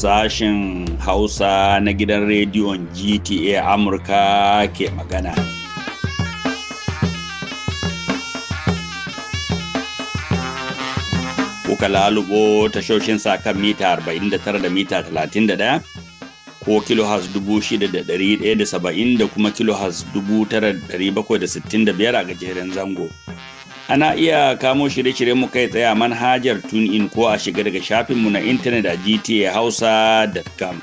Sashen Hausa na gidan rediyon GTA Amurka ke magana. Kuka lalubo tashoshin sakan mita 49 da mita 31 ko kilohas 6,170 da kuma kilohas 9,765 a gajeren zango. Ana iya kamo shirye-shiryen mu kai tsaye a manhajar tunin ko a shiga daga shafinmu na intanet a gtahausa.com.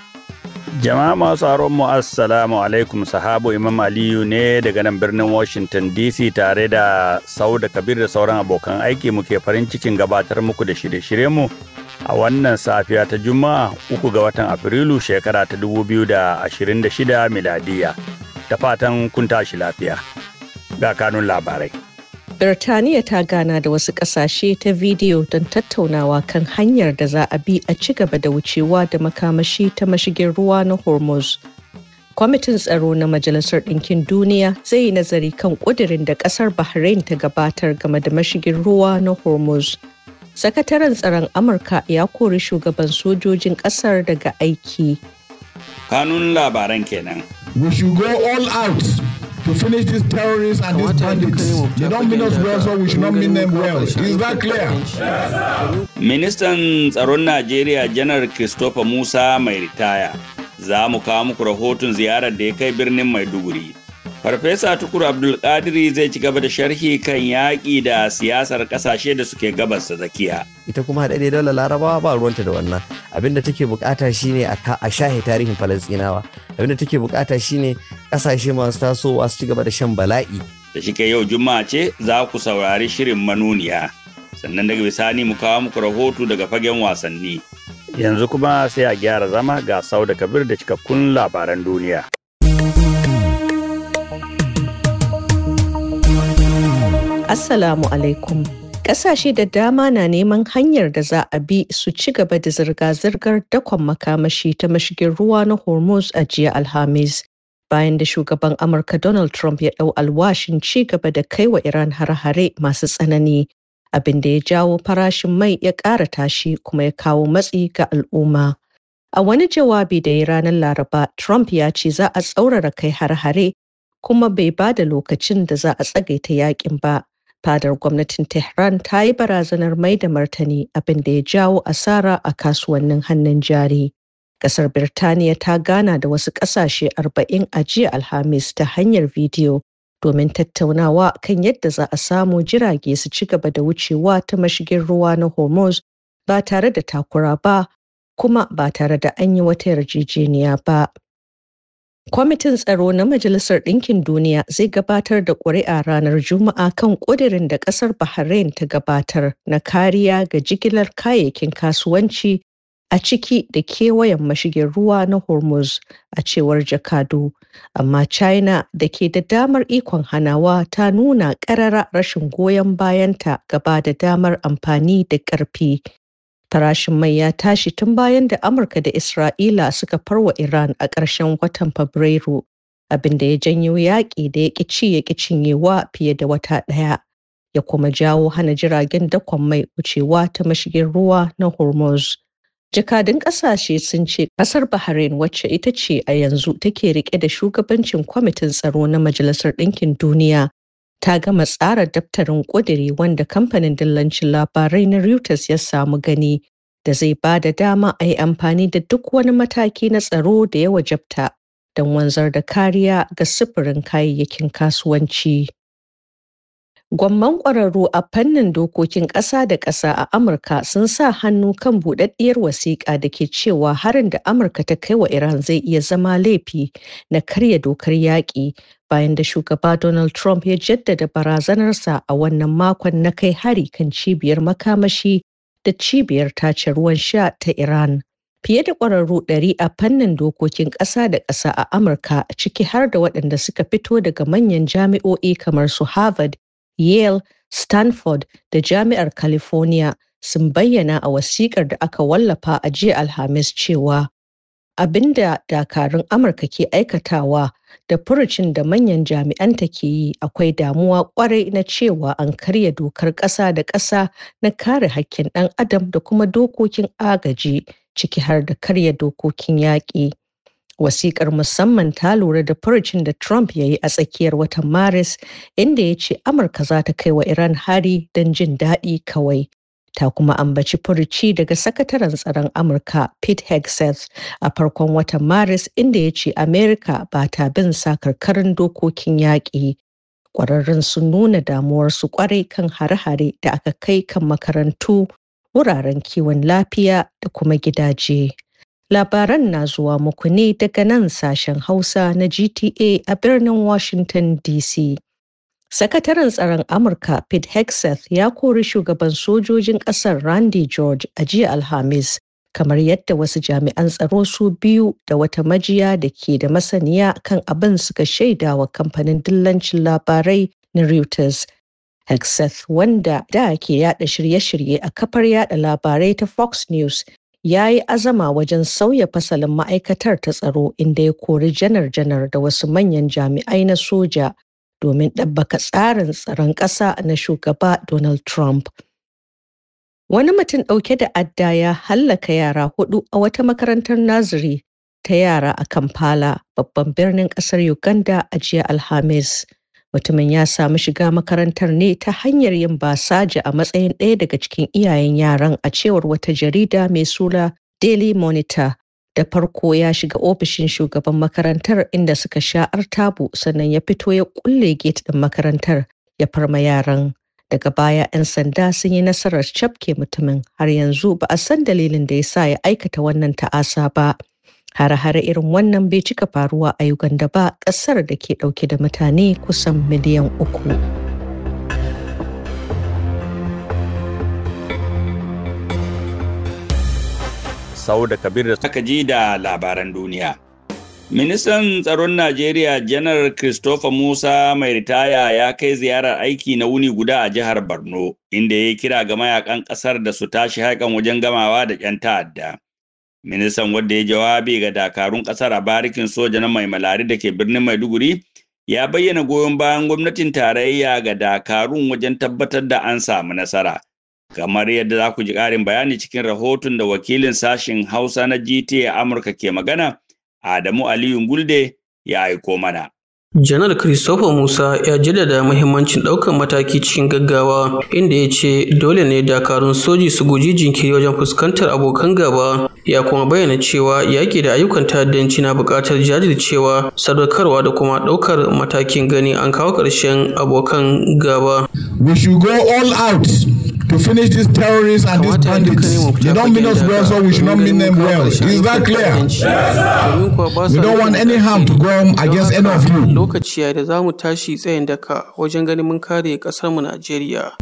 Jama'a masu haron mu assalamu alaikum sahabo Imam Aliyu ne daga nan birnin Washington DC tare da da Kabir da sauran abokan aiki muke farin cikin gabatar muku da shirye-shirye mu a wannan safiya ta Juma'a uku ga watan Afrilu shekara ta 2026 miladiya. Ta fatan kun tashi lafiya. Ga kanun labarai. Birtaniya ta gana da wasu ƙasashe ta vidiyo don tattaunawa kan hanyar da za a bi a ci gaba da wucewa da makamashi ta mashigin ruwa na Hormuz. Kwamitin tsaro na Majalisar Ɗinkin Duniya zai yi nazari kan ƙudirin da ƙasar Bahrain ta gabatar game da mashigin ruwa na Hormuz. Sakataren tsaron Amurka ya kori shugaban sojojin ƙasar daga aiki. Kanun labaran kenan. We should go all out to finish these terrorists and these bandits. They don't mean us well, so we should not mean them well. Is that clear? Ministan tsaron Najeriya Janar Christopher Musa mai ritaya. Za mu kawo muku rahoton ziyarar da ya kai birnin Maiduguri. Farfesa Tukur Abdulkadiri zai ci gaba da sharhi kan yaƙi da siyasar ƙasashe da suke gabas da tsakiya. Ita kuma haɗaɗɗe dole larabawa ba ruwanta da wannan. Abin da take bukata shine a shahe tarihin Falasɗinawa. Abin da take bukata shine ƙasashe masu tasowa su ci gaba da shan bala'i. Da shike yau Juma'a ce za ku saurari shirin manuniya. Sannan daga bisani mu kawo muku rahoto daga fagen wasanni. Yanzu kuma sai a gyara zama ga Sau da Kabir da cikakkun labaran duniya. Assalamu alaikum. Ƙasashe da dama na neman hanyar da za a bi su ci gaba da zirga-zirgar dakon makamashi ta mashigin ruwa na Hormuz a jiya Alhamis. Bayan da shugaban Amurka Donald Trump ya ɗau alwashin ci gaba da kai wa Iran hare-hare masu tsanani, abin da ya jawo farashin mai ya ƙara tashi kuma ya kawo matsi ga al'umma. A wani jawabi da ya ranar Laraba, Trump ya ce za a tsaurara kai har hare kuma bai ba da lokacin da za a tsagaita yakin ba. fadar gwamnatin tehran ta yi barazanar mai da martani abin da ya jawo asara a kasuwannin hannun jari Ƙasar birtaniya ta gana da wasu ƙasashe 40 a jiya alhamis ta hanyar bidiyo domin tattaunawa kan yadda za a samu jirage su ci gaba da wucewa ta mashigin ruwa na hormuz ba tare da takura ba kuma ba tare da an yi wata yarjejeniya ba Kwamitin Tsaro na Majalisar Ɗinkin Duniya zai gabatar da ƙuri'a ranar Juma'a kan ƙudirin da ƙasar Bahrain ta gabatar na kariya ga jigilar kayayyakin kasuwanci a ciki da kewayen mashigin ruwa na Hormuz a cewar jakadu. Amma China da ke da damar ikon hanawa ta nuna ƙarara rashin goyon bayanta gaba da damar amfani da ƙarfi. Farashin mai ya tashi tun bayan da Amurka da Isra'ila suka farwa Iran a ƙarshen watan Fabrairu, abin da ya janyo yaƙi da ya ci ya cinyewa fiye da wata ɗaya, ya kuma jawo hana jiragen dakon mai wucewa ta mashigin ruwa na Hormuz. Jakadun ƙasashe sun ce ƙasar Bahrain wacce ita ce a yanzu take rike da shugabancin kwamitin tsaro na Majalisar Ɗinkin Duniya ta gama tsara daftarin ƙudiri wanda kamfanin dillancin labarai na Reuters ya samu gani da zai ba da dama a yi amfani da duk wani mataki na tsaro da ya wajabta don wanzar da kariya ga sufurin kayayyakin kasuwanci. Gwamman ƙwararru a fannin dokokin ƙasa da ƙasa a Amurka sun sa hannu kan buɗaɗɗiyar wasiƙa da ke cewa harin da Amurka ta kai wa Iran zai iya zama laifi na karya dokar yaƙi bayan da shugaba Donald Trump ya jaddada barazanarsa a wannan makon na kai hari kan cibiyar makamashi da cibiyar tace ruwan sha ta Iran. Fiye da ƙwararru ɗari a fannin dokokin ƙasa da ƙasa a Amurka ciki har da waɗanda suka fito daga manyan jami'o'i kamar su Harvard Yale, Stanford da Jami'ar California sun bayyana a wasikar da aka wallafa a jiya Alhamis cewa abinda dakarun Amurka ke aikatawa da furucin da manyan jami'anta ke yi akwai damuwa kwarai na cewa an karya dokar ƙasa da ƙasa na kare hakkin ɗan adam da kuma dokokin agaji ciki har da karya dokokin yaƙi. Wasikar musamman ta lura da furucin da Trump ya yi a tsakiyar watan Maris inda ya ce Amurka za ta kai wa Iran hari don jin daɗi kawai. Ta kuma ambaci furuci daga sakataren tsaron Amurka Pete Hegseth a farkon watan Maris inda ya ce Amerika ba ta bin sakarkarin dokokin yaƙi. Ƙwararrun sun nuna damuwarsu ƙwarai kan hare-hare da aka kai kan makarantu, wuraren kiwon lafiya da kuma gidaje. Labaran na zuwa muku ne daga nan sashen Hausa na GTA a birnin Washington DC. Sakataren tsaron Amurka Pete Hegseth ya kori shugaban sojojin ƙasar Randy George a jiya Alhamis, kamar yadda wasu jami'an tsaro su biyu da wata majiya da ke da masaniya kan abin suka wa kamfanin dillancin labarai na Reuters. Hegseth wanda da ke yada shirye-shirye a kafar yada labarai ta Fox News ya yi azama wajen sauya fasalin ma'aikatar ta tsaro inda ya kori janar-janar da wasu manyan jami'ai na soja domin ɗabbaka tsarin tsaron ƙasa na shugaba Donald Trump. Wani mutum ɗauke da adda ya hallaka yara hudu a wata makarantar naziri ta yara a Kampala, babban birnin ƙasar Uganda a jiya Alhamis. mutumin ya samu shiga makarantar ne ta hanyar yin basaja a matsayin ɗaya daga cikin iyayen yaran a cewar wata jarida mai suna daily monitor da farko ya shiga ofishin shugaban makarantar inda suka sha'ar tabu sannan ya fito ya kulle gate ɗin makarantar ya farma yaran daga baya 'yan sanda sun yi nasarar cafke mutumin har yanzu ba a san dalilin da ya sa ya aikata wannan ta'asa ba Hare-hare irin wannan bai cika faruwa a Uganda ba ƙasar da ke ɗauke da mutane kusan miliyan uku. Sau da Kabir da aka ji da labaran duniya. Ministan tsaron Najeriya Janar Christopher Musa mai ritaya ya kai ziyarar aiki na wuni guda a jihar Borno, inda ya kira ga mayakan ƙasar da su tashi haikan wajen gamawa da 'yan ta'adda. ministan wanda ya jawabi ga dakarun kasar a barikin soja na mai malari da ke birnin maiduguri ya bayyana goyon bayan gwamnatin tarayya ga dakarun wajen tabbatar da an samu nasara kamar yadda za ku ji ƙarin bayani cikin rahoton da wakilin sashen hausa na gta amurka ke magana adamu aliyu gulde ya aiko mana Janar Christopher Musa ya jaddada muhimmancin ɗaukar mataki cikin gaggawa inda ya ce dole ne dakarun soji su guji jinkiri wajen fuskantar abokan gaba ya kuma bayyana cewa yaƙi da ayyukan ta'addanci na buƙatar jajircewa sadaukarwa da kuma ɗaukar matakin gani an kawo ƙarshen abokan gaba. We should go all out to finish these terrorists and these bandits. You don't mean us well, we should not mean them well. Is that clear? We don't want any harm to go against any of you.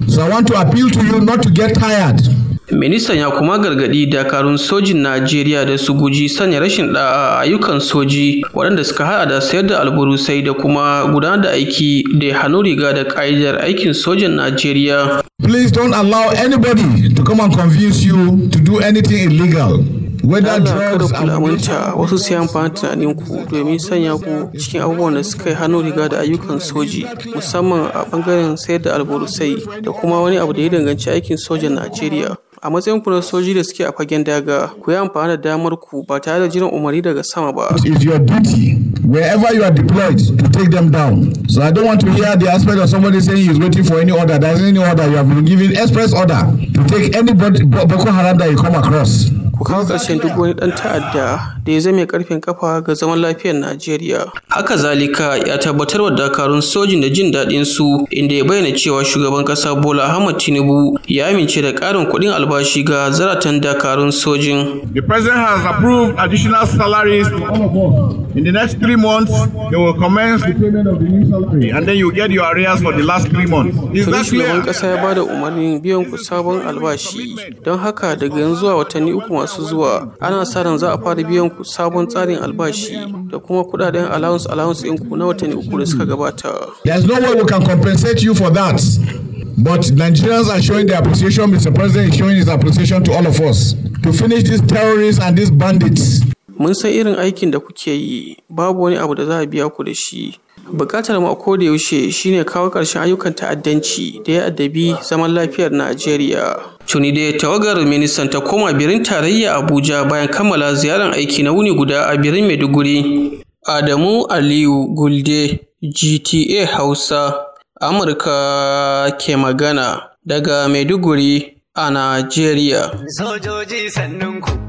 So I want to appeal to you not to get tired. Ministan ya kuma gargaɗi dakarun sojin Najeriya da su guji sanya rashin ɗa'a a ayyukan soji waɗanda suka haɗa da sayar da alburusai da kuma gudanar da aiki da hannu riga da ƙa'idar aikin sojin Najeriya. Please don't allow anybody to come and convince you to do anything illegal. Allah kada ku lamunta wasu sai amfani tunanin ku domin sanya ku cikin abubuwan da suka yi hannu riga da ayyukan soji musamman a bangaren sayar da alburusai da kuma wani abu da ya danganci aikin sojan Najeriya. A matsayin ku na soji da suke a fagen daga, ku yi amfani da damar ku ba tare da jiran umarni daga sama ba. It is your duty wherever you are deployed to take them down. So I don't want to hear the aspect of somebody saying he is waiting for any order. There is any order. You have been given express order to take any Boko Haram that you come across. ku kawo duk wani ɗan ta'adda da ya zame ƙarfin kafa ga zaman lafiyar Najeriya. Haka zalika ya tabbatar wa dakarun sojin da jin daɗin su inda ya bayyana cewa shugaban ƙasa Bola Ahmad Tinubu ya amince da ƙarin kuɗin albashi ga zaratan dakarun sojin. The president has approved additional salaries In the next three months, they will commence and then you get your arrears for the last three months. Shugaban ƙasa ya ba da umarnin biyan ku sabon albashi don haka daga yanzu a watanni uku masu masu zuwa ana sa ran za a fara biyan ku sabon tsarin albashi da kuma kudaden allowance allowance ɗinku na watanni uku da suka gabata. There's no way we can compensate you for that. But Nigerians are showing their appreciation, Mr. President is showing his appreciation to all of us to finish these terrorists and these bandits. Mun san irin aikin da kuke yi, babu wani abu da za a biya ku da shi. Bukatar mu a koda yaushe shine kawo ƙarshen ayyukan ta'addanci da ya addabi zaman lafiyar Najeriya. Tuni dai tawagar ministan ta koma birin tarayya Abuja bayan kammala ziyarar aiki na wuni guda a birin Maiduguri. Adamu Aliyu Gulde, GTA Hausa, Amurka ke magana daga Maiduguri a Najeriya. Sojoji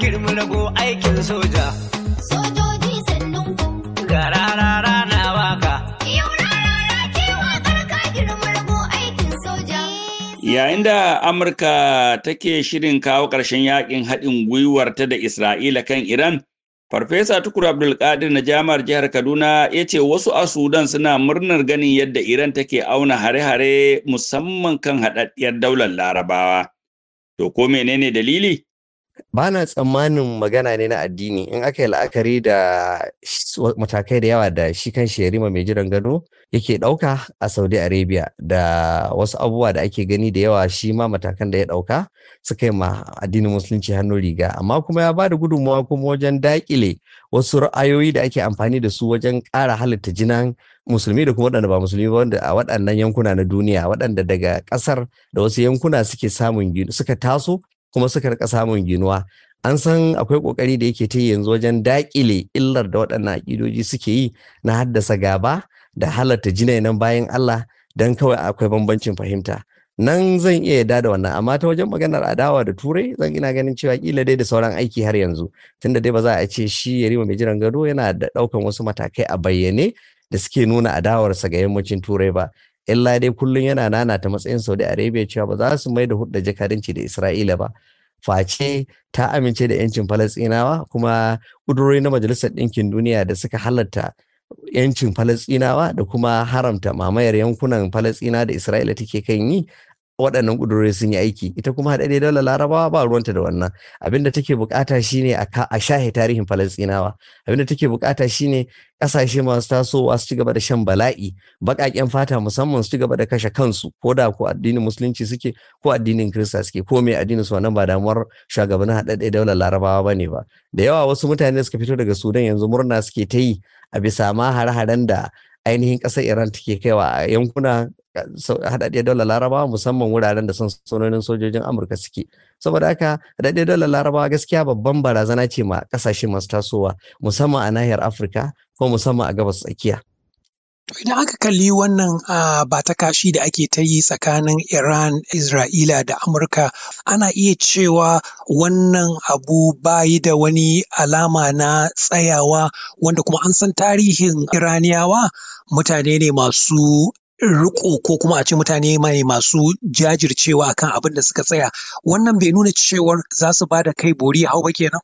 Girmi rago aikin soja. Yayin da Amurka take shirin kawo ƙarshen yakin haɗin gwiwarta da Isra'ila kan Iran, Farfesa Tukur Abdulkadir na jami'ar jihar Kaduna ya ce wasu a Sudan suna murnar ganin yadda Iran take auna hare-hare musamman kan haɗaɗɗiyar daular Larabawa. To ko menene dalili? Bana tsammanin magana ne na addini in aka yi la'akari da matakai da yawa da shi kan yarima mai jiran gado yake ɗauka a saudi arabia da wasu abubuwa da ake gani da yawa shi ma matakan da ya ɗauka suka yi ma addinin musulunci hannu riga amma kuma ya ba da gudunmawa kuma wajen daƙile wasu ra'ayoyi da ake amfani da su wajen ƙara halitta jinan musulmi da kuma waɗanda ba musulmi ba wanda a waɗannan yankuna na duniya waɗanda daga ƙasar da wasu yankuna suke samun suka taso kuma suka rika samun ginuwa an san akwai kokari da yake ta yanzu wajen dakile illar da waɗannan aƙidoji suke yi na haddasa gaba da halarta halatta jinainan bayan Allah don kawai akwai bambancin fahimta nan zan iya yarda da wannan amma ta wajen maganar adawa da turai zan ina ganin cewa kila dai da sauran aiki har yanzu tunda dai ba za a ce shi yarima mai jiran gado yana da ɗaukan wasu matakai a bayyane da suke nuna adawarsa ga yammacin turai ba illa dai kullum yana nanata matsayin saudi arabia cewa ba za su mai da hudda jakadanci da isra'ila ba face ta amince da yancin falasinawa kuma ƙudurori na majalisar ɗinkin duniya da suka halatta yancin falasinawa da kuma haramta mamayar yankunan falasina da isra'ila take kan yi waɗannan ƙudurori sun yi aiki ita kuma haɗaɗɗe daular larabawa ba ruwanta da wannan abin da take bukata shine a shahe tarihin falastinawa abin da take bukata shine ƙasashe masu tasowa su ci gaba da shan bala'i baƙaƙen fata musamman su ci gaba da kashe kansu ko da ko addinin musulunci suke ko addinin kirista suke ko mai addinin su wannan ba damuwar shugabannin haɗaɗɗe daular larabawa ba ne ba da yawa wasu mutane suka fito daga sudan yanzu murna suke ta yi a bisa ma hare-haren da ainihin ƙasar Iran take kaiwa a yankuna haɗaɗɗiyar daular larabawa musamman wuraren da sansanonin sojojin amurka suke saboda haka haɗaɗɗiyar daular larabawa gaskiya babban barazana ce ma ƙasashe masu tasowa musamman a nahiyar afirka ko musamman a gabas tsakiya idan aka kalli wannan ba ta kashi da ake ta yi tsakanin iran isra'ila da amurka ana iya cewa wannan abu bayi da wani alama na tsayawa wanda kuma an san tarihin iraniyawa mutane ne masu riko ko kuma a ce mutane mai masu jajircewa akan abin da suka tsaya wannan bai nuna cewar za su ba da kai bori hau ba kenan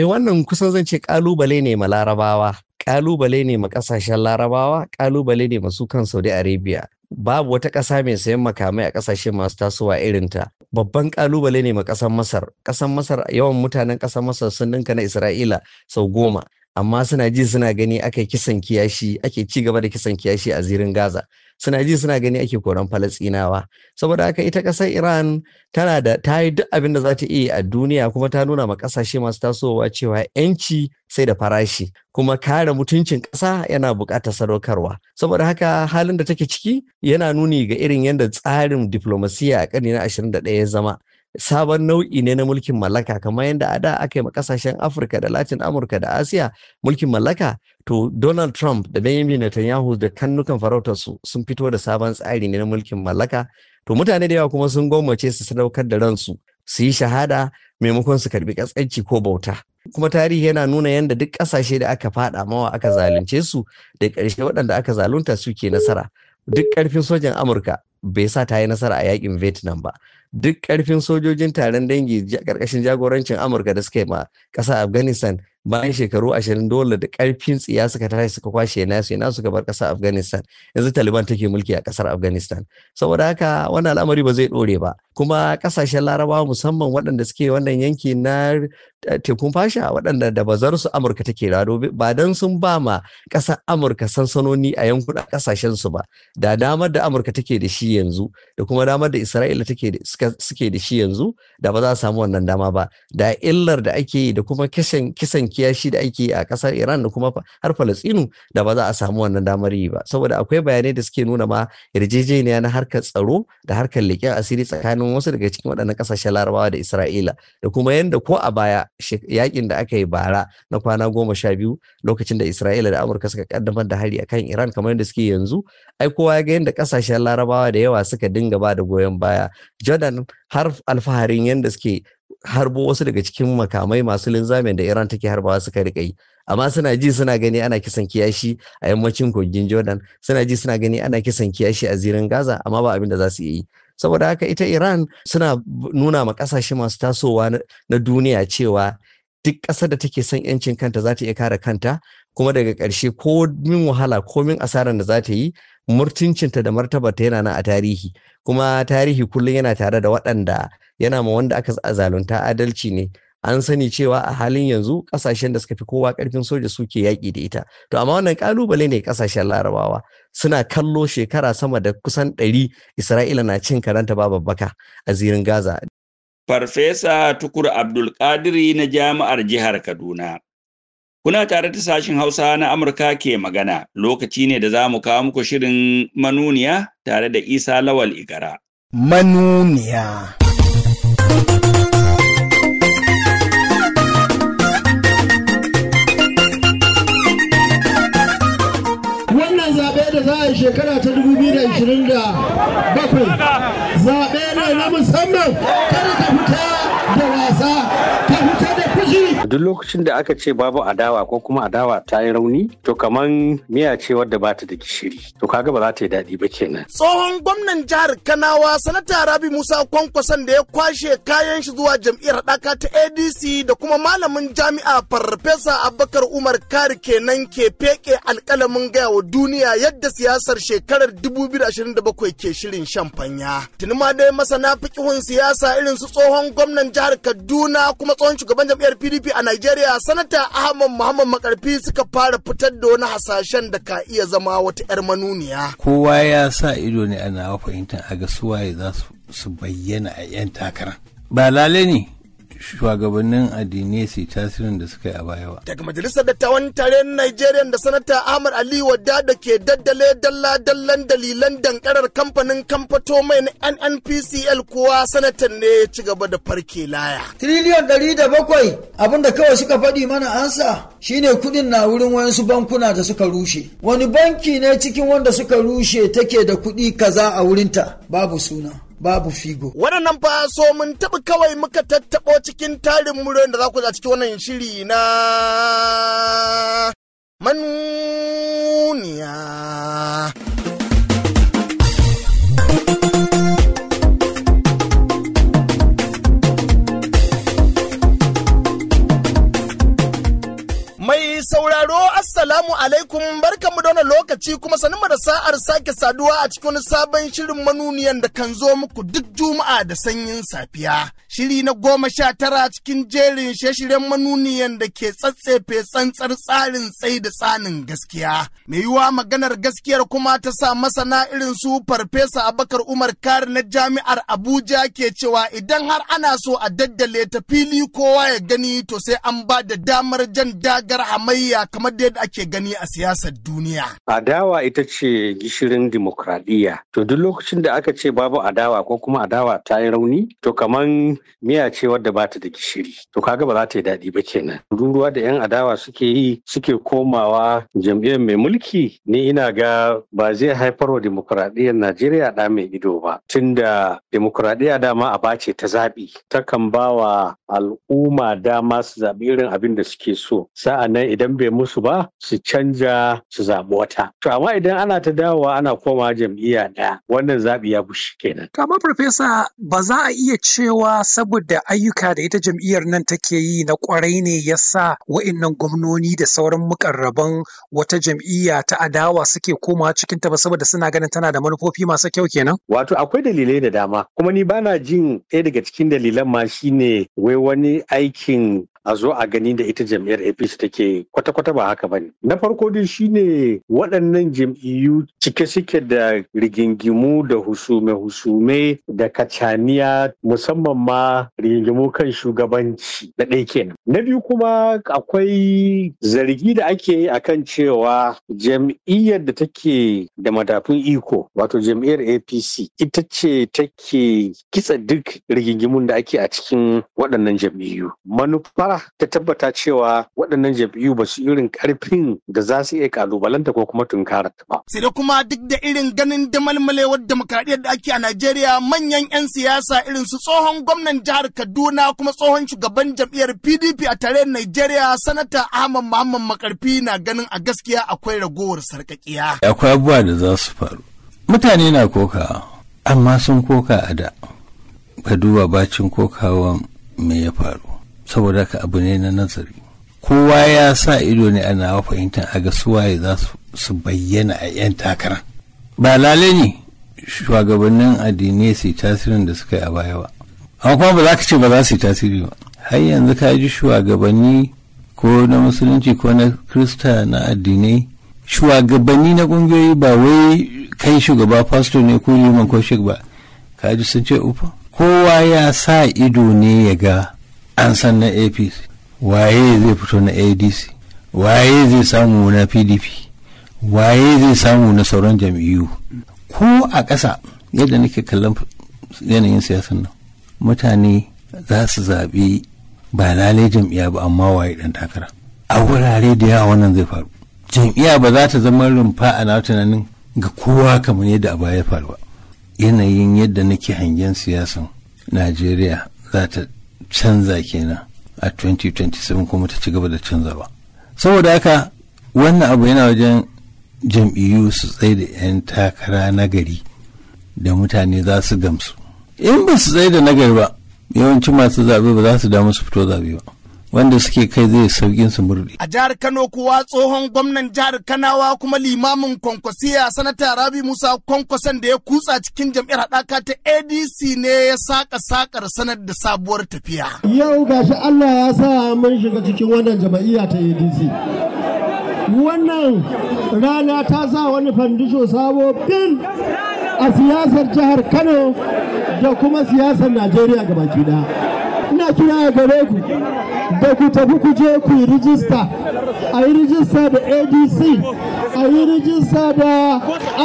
eh wannan kusan zan ce kalubale ne ma larabawa kalubale ne ma kasashen larabawa kalubale ne masu kan saudi arabia babu wata ƙasa mai sayan makamai a ƙasashe masu tasowa irin ta. babban kalubale ne ma ƙasar masar ƙasar masar yawan mutanen ƙasar masar sun ninka na isra'ila sau goma amma suna ji suna gani aka kisan kiyashi ake ci gaba da kisan kiyashi a zirin Gaza suna ji suna gani ake koran Falastinawa saboda haka ita ƙasar Iran tana da ta yi duk abin da za ta iya a duniya kuma ta nuna ma ƙasashe masu tasowa cewa yanci sai da farashi kuma kare mutuncin ƙasa yana buƙatar sadaukarwa saboda haka halin da take ciki yana nuni ga irin yadda tsarin diplomasiya a ƙarni na 21 ya zama sabon nau'i ne na mulkin mallaka kamar yadda a da aka yi ma kasashen afirka da latin amurka da asiya mulkin mallaka to donald trump da benjamin netanyahu da kannukan farautarsu sun fito da sabon tsari ne na mulkin mallaka to mutane da yawa kuma sun gwamnace su sadaukar da ransu su yi shahada maimakon su karbi kaskanci ko bauta kuma tarihi yana nuna yadda duk kasashe da aka fada mawa aka zalunce su da ƙarshe waɗanda aka zalunta suke nasara duk ƙarfin sojan amurka bai sa ta yi nasara a yakin Vietnam ba. Duk ƙarfin sojojin taron dangi ƙarƙashin jagorancin Amurka da suka yi ma ƙasa Afghanistan bayan shekaru ashirin dole da ƙarfin tsiya suka tashi suka kwashe nasu yana suka bar ƙasa Afghanistan yanzu Taliban take mulki a ƙasar Afghanistan. Saboda haka wannan al'amari ba zai dore ba. Kuma ƙasashen Larabawa musamman waɗanda suke wannan yanki na tekun fasha waɗanda da bazar su amurka take rado ba don sun ba ma ƙasar amurka sansanoni a yankuna ƙasashen su ba da damar da amurka take da shi yanzu da kuma damar da isra'ila take suke da shi yanzu da ba za a samu wannan dama ba da illar da ake yi da kuma kisan kisan kiyashi da ake yi a ƙasar iran da kuma har falastinu da ba za a samu wannan damar yi ba saboda akwai bayanai da suke nuna ma yarjejeniya na harkar tsaro da harkar leƙen asiri tsakanin wasu daga cikin waɗannan ƙasashen larabawa da isra'ila da kuma yadda ko a baya yakin da aka yi bara na kwana goma sha biyu lokacin da Isra'ila da Amurka suka kaddamar da hari akan Iran kamar yadda suke yanzu ai kowa ya ga yadda kasashen Larabawa da yawa suka dinga ba da goyon baya Jordan har alfaharin yadda suke harbo wasu daga cikin makamai masu linzamin da Iran take harbawa suka rika yi amma suna ji suna gani ana kisan kiyashi a yammacin kogin Jordan suna ji suna gani ana kisan kiyashi a zirin Gaza amma ba abin da za su yi saboda haka ita iran suna nuna ma kasashe masu tasowa na duniya cewa duk ƙasar da take son 'yancin kanta za ta iya kare kanta kuma daga ƙarshe ko min wahala ko min asarar da za ta yi murtuncinta da martabarta yana nan a tarihi kuma tarihi kullum yana tare da waɗanda yana ma wanda aka zalunta adalci ne an sani cewa a halin yanzu kasashen da suka fi kowa karfin soja suke yaƙi da ita to amma wannan ƙalubale ne kasashen larabawa suna kallo shekara sama da kusan ɗari isra'ila na cin karanta ba babbaka a zirin gaza farfesa tukur abdulkadiri na jami'ar jihar kaduna kuna tare da sashin hausa na amurka ke magana lokaci ne da za mu kawo muku shirin manuniya tare da isa lawal igara manuniya za a shekara ta 2027 zaɓe ne na musamman kada ka fita da wasa ka fita da ji. Duk lokacin da aka ce babu adawa ko kuma adawa ta yi rauni to kaman miya ce wadda ba ta da gishiri to kaga ba za ta yi daɗi ba kenan. Tsohon gwamnan jihar Kanawa sanata Rabi Musa Kwankwason da ya kwashe kayan shi zuwa jam'iyyar ɗaka ta ADC da kuma malamin jami'a Farfesa Abubakar Umar Kari kenan ke feke alƙalamin gaya wa duniya yadda siyasar shekarar 2027 ke shirin shan fanya. Tuni dai masana fikihun siyasa irin su tsohon gwamnan jihar Kaduna kuma tsohon shugaban jam'iyyar jam'iyyar pdp a Najeriya, sanata ahmad muhammad makarfi suka fara fitar da wani hasashen da ka iya zama wata 'yar manuniya kowa ya sa ido ne ana fahimtar a ga suwaye za su bayyana a 'yan takara ba lale ne shugabannin addinai su tasirin da suka yi a baya ba. Daga majalisar dattawan tarayyar Najeriya da sanata Ahmad Ali Wadda da ke daddale dalla-dallan dalilan dankarar kamfanin kamfato mai na NNPCL kuwa sanatan ne ya ci gaba da farke laya. Triliyon ɗari da bakwai abinda kawai suka faɗi mana ansa shine kuɗin na wurin wayansu bankuna da suka rushe. Wani banki ne cikin wanda suka rushe take da kuɗi kaza a wurinta babu suna. babu figo. Waɗannan fa so mun taɓa kawai muka tattaɓo cikin tarin muryoyin da za ku za cikin wannan shiri na manuniya. Mai saura Assalamu alaikum barkanmu da wannan lokaci kuma sanin mu da sa'ar sake saduwa a cikin sabon shirin manuniyan da kan zo muku duk juma'a da sanyin safiya. Shiri na goma sha tara cikin jerin shirye-shiryen manuniyan da ke tsatsefe tsantsar tsarin tsai da tsanin gaskiya. Mai yiwa maganar gaskiyar kuma ta sa masana irin su farfesa Abakar Umar Kari na jami'ar Abuja ke cewa idan har ana so a daddale ta fili kowa ya gani to sai an ba da damar jan dagar hamayya kamar da yadda ake gani a siyasar duniya? Adawa ita ce gishirin dimokuraɗiyya. To duk lokacin da aka ce babu adawa ko kuma adawa ta yi rauni, to kaman miya ce wadda ba ta da gishiri. To kaga ba za ta yi daɗi ba kenan. Ruruwa da 'yan adawa suke yi suke komawa jam'iyyar mai mulki ni ina ga ba zai haifar wa dimokuraɗiyyar Najeriya ɗa mai ido ba. Tunda dimokuraɗiyya dama a bace ta zaɓi. Takan ba wa al'umma dama su zaɓi irin abin da suke so. Sa'an nan idan bai musu ba su canja su zaɓi wata. To amma idan ana ta dawowa ana koma jam'iyya ɗaya wannan zaɓi ya bushe kenan. To amma farfesa ba za a iya cewa saboda ayyuka da ita jam'iyyar nan take yi na kwarai ne ya sa wa'innan gwamnoni da sauran mukarraban wata jam'iyya ta adawa suke komawa cikin ta ba saboda suna ganin tana da manufofi masu kyau kenan. Wato akwai dalilai da dama kuma ni bana jin ɗaya daga cikin dalilan ma shine wai wani aikin a zo a gani da ita jam'iyyar APC take kwata-kwata ba haka bane. Na farko dai shine waɗannan jam'iyyu cike suke da rigingimu da husume-husume da kacaniya musamman ma rigingimu kan shugabanci na ɗaya kenan. Na biyu kuma akwai zargi da ake yi akan cewa jam'iyyar da take da madafun iko wato jam'iyyar APC ita ce take kitsa duk rigingimun da ake a cikin waɗannan jam'iyyu. Manufar nasara ta tabbata cewa waɗannan jam'iyyu ba su irin ƙarfin da za su iya kalubalanta ko kuma tunkara ta ba. Sai da kuma duk da irin ganin damalmalewar demokradiyyar da ake a Najeriya manyan 'yan siyasa irin su tsohon gwamnan jihar Kaduna kuma tsohon shugaban jam'iyyar PDP a tarayyar Najeriya sanata Ahmad Muhammad Makarfi na ganin a gaskiya akwai ragowar sarkakiya. Akwai abubuwa da za su faru. Mutane na koka amma sun koka a da. Ka duba bacin kokawa me ya faru. saboda haka, abu ne na nazari kowa ya sa ido ne ana fahimtar a ga suwaye za su bayyana a 'yan takara ba lale ne shugabannin addinai su tasirin da suka yi a baya ba amma kuma ba za ka ce ba za su yi tasiri ba har yanzu ka ji shugabanni ko na musulunci ko na krista na addinai shugabanni na kungiyoyi ba wai kai shugaba pastor ne ko liman ko shek ba ka ji sun ce ufa kowa ya sa ido ne ya ga an san na apc waye zai fito na adc waye zai samu na pdp waye zai samu na sauran jam'iyyu ko a ƙasa yadda nake kallon yanayin siyasan nan mutane za su zaɓi ba lalai jam'iyya ba amma waye ɗan takara a wurare da yawa wannan zai faru jam'iyya ba za ta zama rumfa a na tunanin ga kowa kamar yadda a baya faru ba yanayin yadda nake hangen siyasan najeriya za ta canza kenan a 2027 kuma ta ci gaba da canza ba saboda haka wannan abu yana wajen jam'iyyu su tsaye da 'yan takara nagari da mutane za su gamsu in ba su tsaye da nagari ba yawancin masu zaɓe ba za su damu su fito zaɓe ba wanda suke kai zai saukin su murdi. A jihar Kano kuwa tsohon gwamnan jihar Kanawa kuma limamin kwankwasiya sanata Rabi Musa Kwankwasan da ya kutsa cikin jam'iyyar haɗaka ta ADC ne ya saka sakar sanar da sabuwar tafiya. Yau gashi Allah ya sa mun shiga cikin wannan jama'iyya ta ADC. wannan rana ta sa wani fandisho sabo bin a siyasar jihar kano da kuma siyasar najeriya gabaki daya ina kira a gare ku da ku tafi ku je ku yi rijista a yi rijista da adc a yi rijista da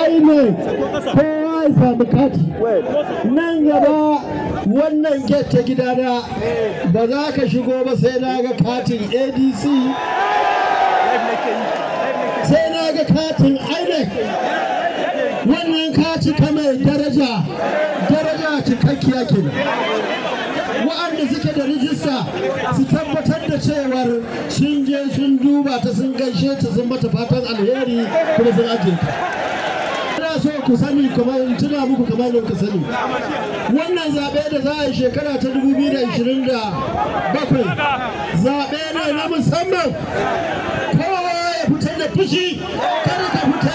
aine ko ya sami kati nan gaba wannan get ta gidana ba za ka shigo ba sai na ga katin adc sai na ga katin inec wannan kaci ta mai daraja daraja cikakkiya kenan waɗanda suke da rijista su tabbatar da cewar sun je sun duba ta sun gaishe ta sun mata fatan alheri kuma sun ajiye ta ina so ku sani kuma in tuna muku kamar da ku sani wannan zaɓe da za a yi shekara ta 2027 zaɓe ne na musamman kowa ya fitar da fushi kada ka fita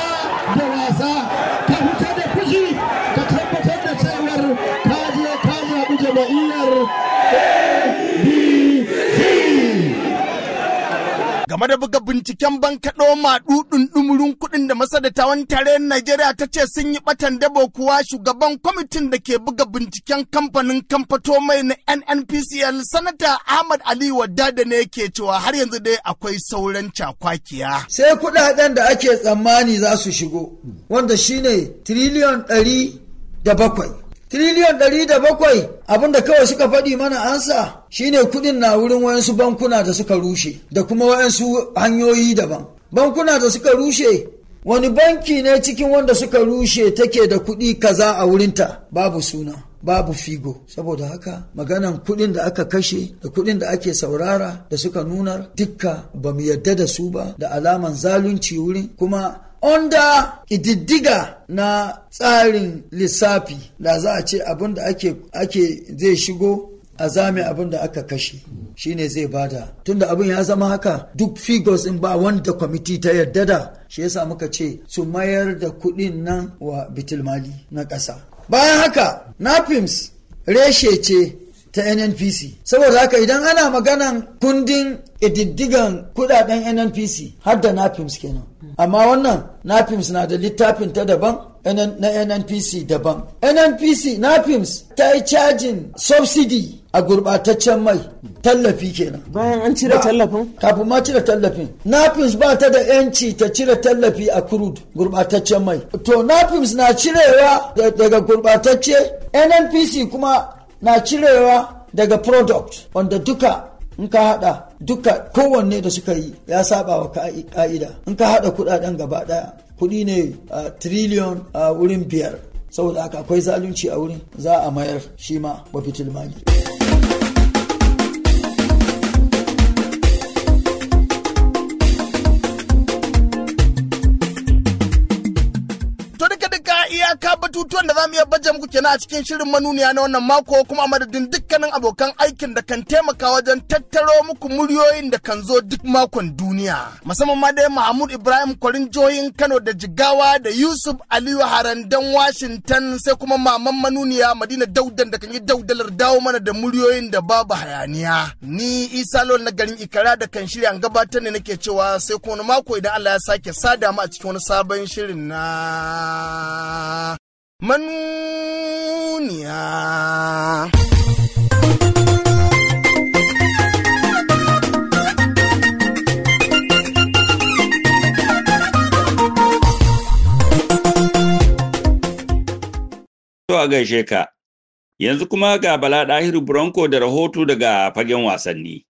game da buga binciken bankaɗo maɗuɗin ɗumurin kuɗin da masadatawan tare Najeriya ta ce sun yi ɓatan dabo kuwa shugaban kwamitin da ke buga binciken kamfanin kamfato mai na NNPCL sanata Ahmad Ali wadda da ne ke cewa har yanzu dai akwai sauran cakwakiya. Sai kuɗaɗen da ake tsammani za su shigo wanda shine tiriliyon ɗari da bakwai. Triliyon ɗari da bakwai abinda kawai suka faɗi mana ansa shine kuɗin na wurin wayansu bankuna da suka rushe da kuma wayansu hanyoyi daban. Bankuna da suka rushe wani banki ne cikin wanda suka rushe take da kuɗi kaza a wurinta babu suna. babu figo saboda haka maganan kuɗin da aka kashe da kuɗin da ake saurara da suka nunar dukka ba mu yadda da su ba da alaman zalunci wurin kuma onda ƙididdiga na tsarin lissafi da za a ce abin da ake, zai shigo a zame abin da aka kashe shine zai bada tunda abin ya zama haka duk figures in ba wanda kwamiti ta yarda da shi yasa muka ce su mayar da kuɗin nan wa bitilmali na ƙasa bayan haka napims reshe ce ta nnpc saboda haka idan ana maganan kundin ƙididdigan kudaden nnpc har da napims kenan amma wannan nafims na da littafin ta daban na nnpc daban nnpc nafims ta yi cajin subsidy a gurbataccen mai tallafi kenan bayan an cire tallafin kafin ma cire tallafin nafims ba ta da yanci ta cire tallafi a crude gurbataccen mai to nafims na cirewa daga gurbatacce nnpc kuma na cirewa daga product wanda duka in ka hada duka kowanne da suka yi ya saba wa ka'ida in ka hada kudaden gaba daya kudi ne a triliyon a wurin biyar saboda haka akwai zalunci a wurin za a mayar shi ma wa fitil za bajam baje muku kenan a cikin shirin manuniya na wannan mako kuma a madadin dukkanin abokan aikin da kan taimaka wajen tattaro muku muryoyin da kan zo duk makon duniya. Musamman ma dai Mahmud Ibrahim Kwarin Jihohin Kano da Jigawa da Yusuf Aliyu Harandan Washington sai kuma maman manuniya Madina Daudan da kan yi daudalar dawo mana da muryoyin da babu hayaniya. Ni Isa lo na garin Ikara da kan shirya gabatar ne nake cewa sai kuma wani mako idan Allah ya sake sada mu a cikin wani sabon shirin na manuniya. gaishe ka, yanzu kuma ga Bala Ɗahiru Bronco da rahoto daga fagen wasanni.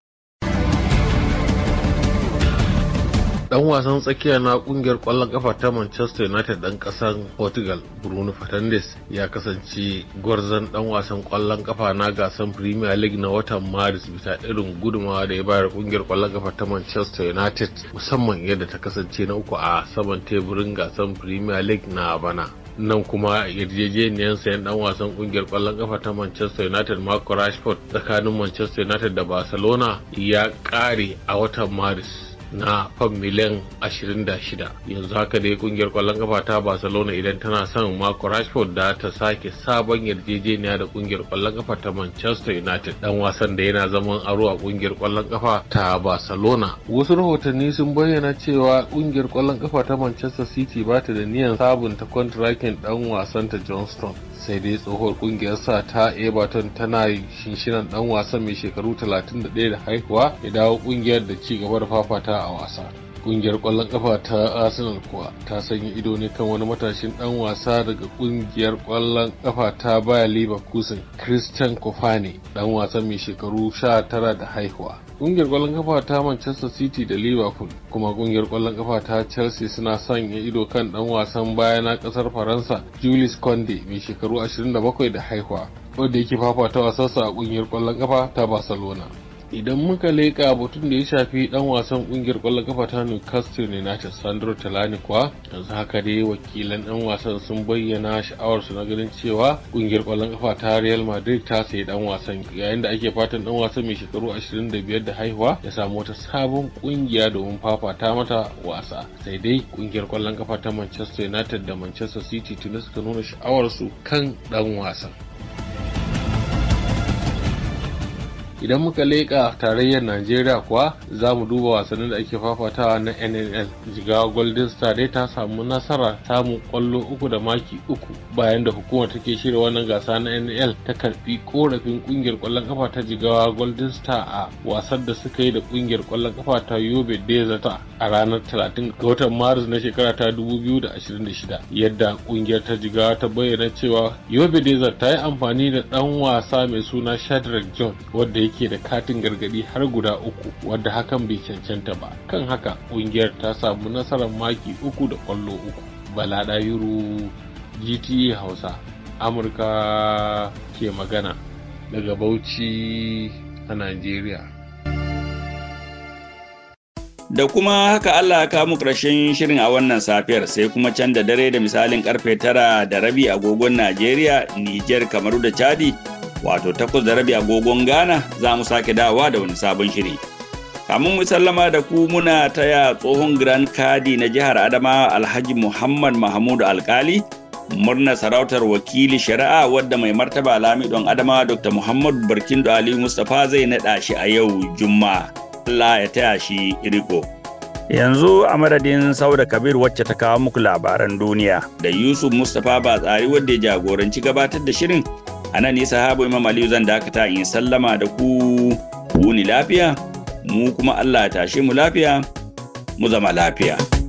dan wasan tsakiya na kungiyar kwallon kafa ta Manchester United dan kasan Portugal Bruno Fernandes ya kasance gwarzon dan wasan kwallon kafa na gasan Premier League na watan Maris bisa irin gudumawa da ya bayar kungiyar kwallon kafa ta Manchester United musamman yadda ta kasance na uku a saman teburin gasan Premier League na bana. nan kuma yarjejeniyar sayan dan wasan kungiyar kwallon kafa ta Manchester United Marco Rashford tsakanin Manchester United da Barcelona ya kare a watan Maris. na fam miliyan 26 yanzu haka dai kungiyar kwallon kafa ta barcelona idan tana son marco rashford da ta sake sabon yarjejeniya da kungiyar kwallon kafa ta manchester united dan wasan da yana zaman aro a kungiyar kwallon kafa ta barcelona wasu rahotanni sun bayyana cewa kungiyar kwallon kafa ta manchester city ba ta da niyan sabunta kwantrakin dan wasan ta johnston sai dai tsohuwar kungiyar sa ta everton tana shinshinan dan wasan mai shekaru 31 da haihuwa ya dawo kungiyar da ci gaba da fafata a wasa kungiyar kwallon kafa ta arsenal kuwa ta sanya ido ne kan wani matashin dan wasa daga kungiyar kwallon kafa ta baya leverkusen christian kofani dan wasa mai shekaru 19 da haihuwa kungiyar kwallon kafa ta manchester city da liverpool kuma kungiyar kwallon kafa ta chelsea suna sanya ido kan dan wasan baya na kasar faransa julius conde mai shekaru 27 da haihuwa wadda yake fafata wasansa a kungiyar kwallon kafa ta barcelona idan muka leƙa batun da ya shafi dan wasan kungiyar kwallon kafa ta Newcastle United Sandro Talani kuwa yanzu haka dai wakilan dan wasan sun bayyana sha'awar su na ganin cewa kungiyar kwallon kafa ta Real Madrid ta sayi dan wasan yayin da ake fatan dan wasan mai shekaru 25 da haihuwa ya samu wata sabon kungiya domin fafata mata wasa sai dai kungiyar kwallon kafa ta Manchester United da Manchester City tuni suka nuna sha'awar su kan dan wasan idan muka leƙa tarayyar najeriya kuwa za mu duba wasannin da ake fafatawa na nnl jigawa golden star dai ta samu nasara samun kwallo uku da maki uku bayan da hukumar take shirya wannan gasa na nnl ta karbi korafin kungiyar kwallon kafa ta jigawa golden star a wasan da suka yi da kungiyar kwallon kafa ta yobe dezata a ranar talatin ga watan maris na shekara ta shida yadda kungiyar ta jigawa ta bayyana cewa yobe dezata ta yi amfani da dan wasa mai suna shadrack john wadda ke da katin gargadi har guda uku wadda hakan bai cancanta ba kan haka ƙungiyar ta samu nasarar maki uku da kwallo uku bala ɗayuru gta hausa amurka ke magana daga bauchi a nigeria. Da kuma haka Allah ka mu ƙarshen shirin a wannan safiyar sai kuma can da dare da misalin karfe tara da rabi agogon Najeriya, niger Kamaru da Chadi wato takwas da rabi agogon Ghana za mu sake dawa da wani sabon shiri. Kamun mu sallama da ku muna taya tsohon Grand Kadi na jihar Adamawa Alhaji Muhammad mahmudu Alkali murna sarautar wakili shari'a wadda mai martaba Lamidon Adamawa Dr. muhammad Barkindo Ali Mustapha zai naɗa shi a yau Juma'a. Allah ya taya shi riko. Yanzu a madadin Sauda Kabir wacce ta kawo muku labaran duniya da Yusuf Mustapha Batsari wadda ya jagoranci gabatar da shirin a nan ne sahaba imam aliyu zan dakata in sallama da ku wuni lafiya mu kuma allah ya tashe mu lafiya mu zama lafiya.